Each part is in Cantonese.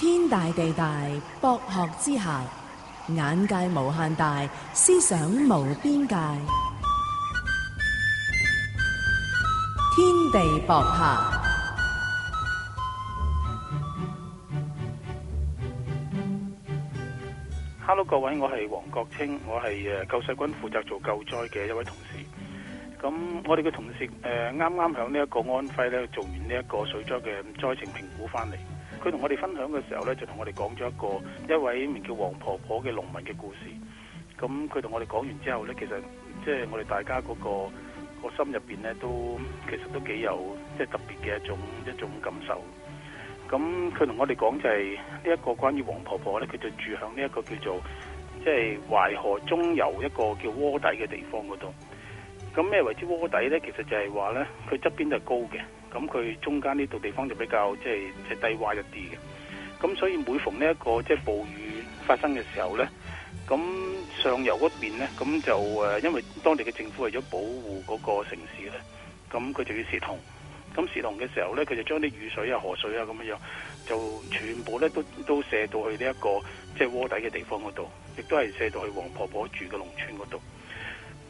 天大地大，博學之下，眼界無限大，思想無邊界。天地博客。Hello 各位，我係王國清，我係誒救世軍負責做救災嘅一位同事。咁我哋嘅同事誒啱啱響呢一個安徽咧做完呢一個水災嘅災情評估翻嚟，佢同我哋分享嘅時候咧就同我哋講咗一個一位名叫王婆婆嘅農民嘅故事。咁佢同我哋講完之後咧，其實即係我哋大家嗰、那個、個心入邊咧都其實都幾有即係、就是、特別嘅一種一種感受。咁佢同我哋講就係呢一個關於王婆婆咧，佢就住響呢一個叫做即係、就是、淮河中游一個叫窩底嘅地方嗰度。咁咩為之窩底呢？其實就係話呢，佢側邊就高嘅，咁佢中間呢度地方就比較即係即係低窪一啲嘅。咁所以每逢呢、這、一個即係、就是、暴雨發生嘅時候呢，咁上游嗰邊呢，咁就誒，因為當地嘅政府為咗保護嗰個城市呢，咁佢就要泄洪。咁泄洪嘅時候呢，佢就將啲雨水啊、河水啊咁樣樣，就全部呢都都射到去呢、這、一個即係窩底嘅地方嗰度，亦都係射到去王婆婆住嘅農村嗰度。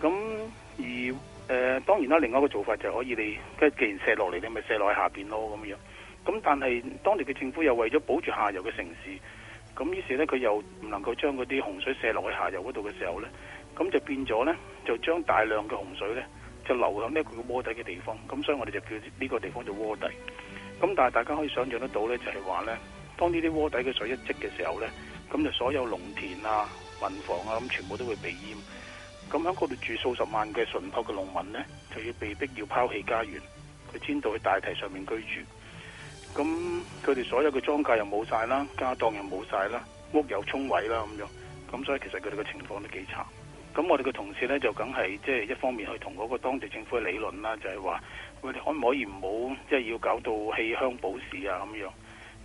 咁而誒、呃、當然啦，另外一個做法就可以你，即係既然射落嚟，你咪射落去下邊咯咁樣。咁但係當地嘅政府又為咗保住下游嘅城市，咁於是呢，佢又唔能夠將嗰啲洪水射落去下游嗰度嘅時候呢，咁就變咗呢，就將大量嘅洪水呢，就流向呢佢嘅窩底嘅地方。咁所以我哋就叫呢個地方做窩底。咁但係大家可以想象得到呢，就係、是、話呢，當呢啲窩底嘅水一積嘅時候呢，咁就所有農田啊、民房啊咁全部都會被淹。咁喺嗰度住數十萬嘅淳樸嘅農民呢，就要被逼要拋棄家園，佢遷到去大堤上面居住。咁佢哋所有嘅莊稼又冇晒啦，家當又冇晒啦，屋又沖毀啦咁樣。咁所以其實佢哋嘅情況都幾差。咁我哋嘅同事呢，就梗係即係一方面去同嗰個當地政府嘅理論啦，就係話我哋可唔可以唔好即係要搞到棄鄉保市啊咁樣。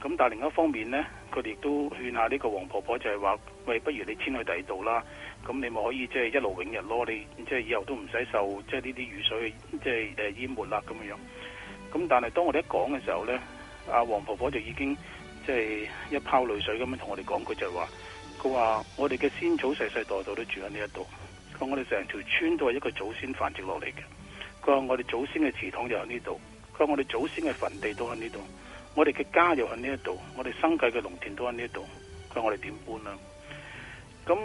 咁但係另一方面呢，佢哋都勸下呢個王婆婆，就係話：喂，不如你遷去第二度啦。咁你咪可以即係一路永日咯。你即係以後都唔使受即係呢啲雨水即係誒淹沒啦咁樣樣。咁但係當我哋一講嘅時候呢，阿王婆婆就已經即係一泡淚水咁樣同我哋講，佢就話：佢話我哋嘅先祖世世代代都住喺呢一度。佢話我哋成條村都係一個祖先繁殖落嚟嘅。佢話我哋祖先嘅祠堂就喺呢度。佢話我哋祖先嘅墳地都喺呢度。我哋嘅家又喺呢一度，我哋生計嘅農田都喺呢一度，咁我哋點搬啊？咁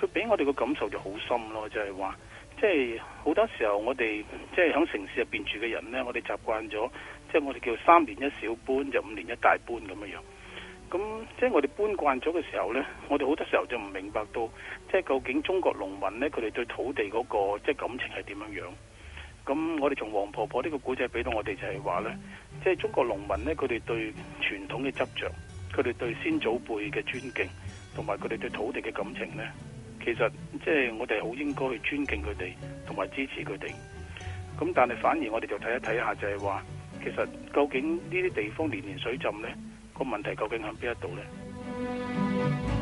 佢俾我哋嘅感受就好深咯，就係話，即係好多時候我哋即係喺城市入邊住嘅人呢，我哋習慣咗，即係我哋叫三年一小搬，就五年一大搬咁嘅樣。咁即係我哋搬慣咗嘅時候呢，我哋好多時候就唔明白到，即係究竟中國農民呢，佢哋對土地嗰個即係感情係點樣樣？咁我哋從王婆婆呢個古仔俾到我哋就係話呢，即係中國農民呢，佢哋對傳統嘅執着，佢哋對先祖輩嘅尊敬，同埋佢哋對土地嘅感情呢，其實即係我哋好應該去尊敬佢哋，同埋支持佢哋。咁但係反而我哋就睇一睇下，就係話，其實究竟呢啲地方年年水浸呢個問題究竟喺邊一度呢？